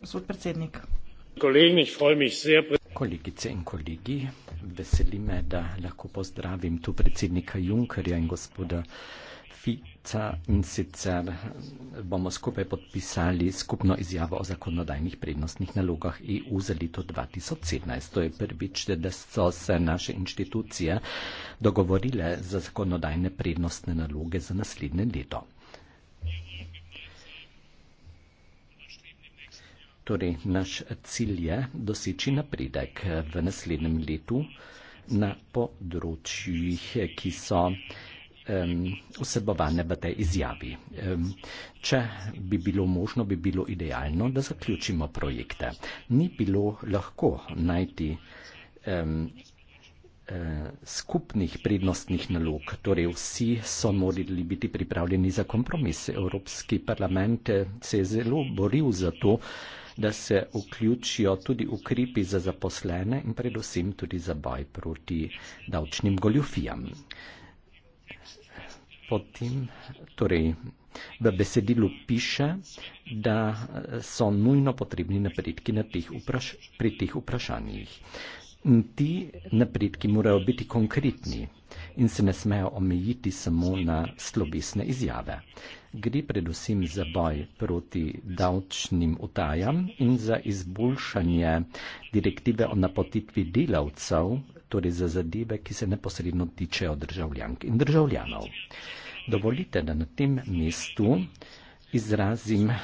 gospod predsednik kolegice in kolegi veseli me da lahko pozdravim tu predsednika junckerja in gospoda barrosa ki sta se mi pridružila v tem trenutku. Fica in sicer bomo skupaj podpisali skupno izjavo o zakonodajnih prednostnih nalogah EU za leto 2017. To je prvič, da so se naše inštitucije dogovorile za zakonodajne prednostne naloge za naslednje leto. Torej, naš cilj je doseči napredek v naslednjem letu na področjih, ki so um, vsebovane v tej izjavi. Um, če bi bilo možno, bi bilo idealno, da zaključimo projekte. Ni bilo lahko najti um, skupnih prednostnih nalog, torej vsi so morali biti pripravljeni za kompromis. Evropski parlament se je zelo boril za to, da se vključijo tudi ukrepi za zaposlene in predvsem tudi za boj proti davčnim goljufijam potem, torej v besedilu piše, da so nujno potrebni napredki na teh vpraš pri teh vprašanjih. In ti napredki morajo biti konkretni in se ne smejo omejiti samo na slovesne izjave. Gre predvsem za boj proti davčnim utajam in za izboljšanje direktive o napotitvi delavcev, torej za zadeve, ki se neposredno tičejo državljank in državljanov. Dovolite, da na tem mestu izrazim eh,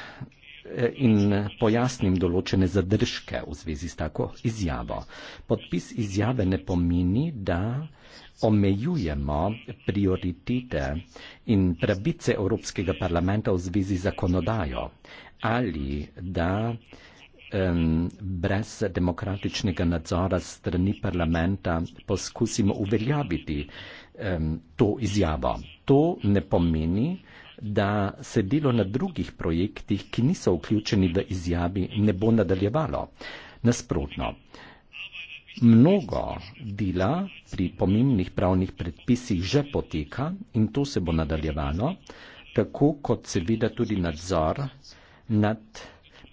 in pojasnim določene zadržke v zvezi s tako izjavo. Podpis izjave ne pomeni, da omejujemo prioritete in pravice Evropskega parlamenta v zvezi z zakonodajo ali da brez demokratičnega nadzora strani parlamenta poskusimo uveljaviti um, to izjavo to ne pomeni, da se delo na drugih projektih, ki niso vključeni v izjavi, ne bo nadaljevalo. Nasprotno, mnogo dela pri pomembnih pravnih predpisih že poteka in to se bo nadaljevalo, tako kot seveda tudi nadzor nad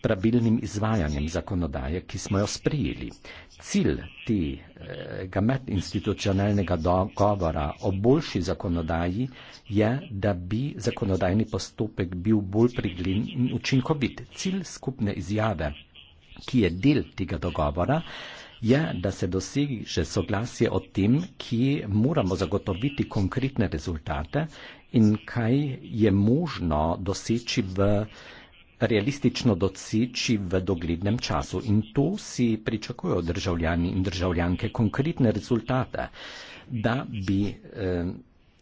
pravilnim izvajanjem zakonodaje, ki smo jo sprijeli. Cilj tega medinstitucionalnega dogovora o boljši zakonodaji je, da bi zakonodajni postopek bil bolj pridljiv in učinkovit. Cilj skupne izjave, ki je del tega dogovora, je, da se doseže soglasje o tem, ki moramo zagotoviti konkretne rezultate in kaj je možno doseči v realistično doseči v doglednem času. In to si pričakujejo državljani in državljanke, konkretne rezultate, da bi eh,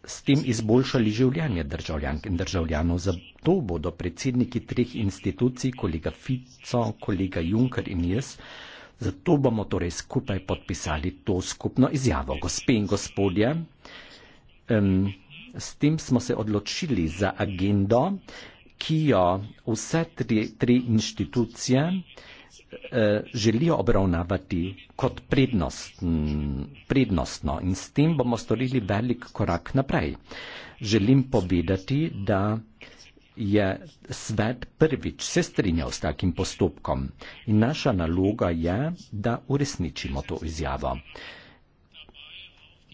s tem izboljšali življenje državljank in državljanov. Zato bodo predsedniki treh institucij, kolega Fico, kolega Juncker in jaz, zato bomo torej skupaj podpisali to skupno izjavo. Gospe in gospodje, eh, s tem smo se odločili za agendo ki jo vse tri, tri inštitucije eh, želijo obravnavati kot prednost, prednostno in s tem bomo storili velik korak naprej. Želim povedati, da je svet prvič se strinjal s takim postopkom in naša naloga je, da uresničimo to izjavo.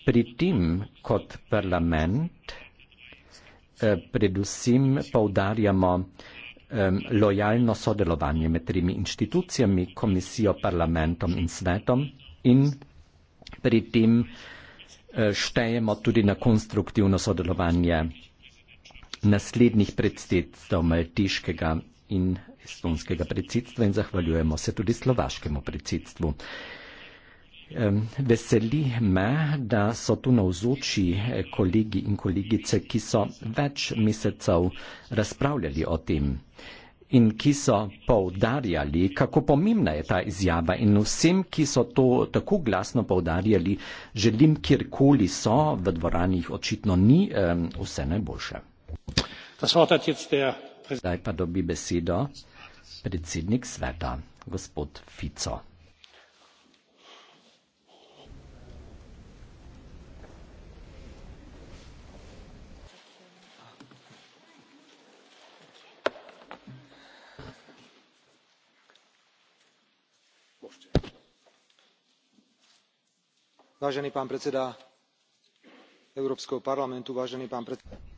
Pri tem kot parlament Eh, predvsem poudarjamo lojalno sodelovanje med tremi inštitucijami, komisijo, parlamentom in svetom in pri tem eh, štejemo tudi na konstruktivno sodelovanje naslednjih predsedstv maltiškega in estonskega predsedstva in zahvaljujemo se tudi slovaškemu predsedstvu. Veseli me, da so tu navzoči eh, kolegi in kolegice, ki so več mesecev razpravljali o tem in ki so poudarjali, kako pomembna je ta izjava. In vsem, ki so to tako glasno poudarjali, želim, kjerkoli so v dvorani, jih očitno ni vse najboljše. Zdaj pa dobi besedo predsednik sveta, gospod Fico. vážený pán predseda európskeho parlamentu vážený pán predseda rady.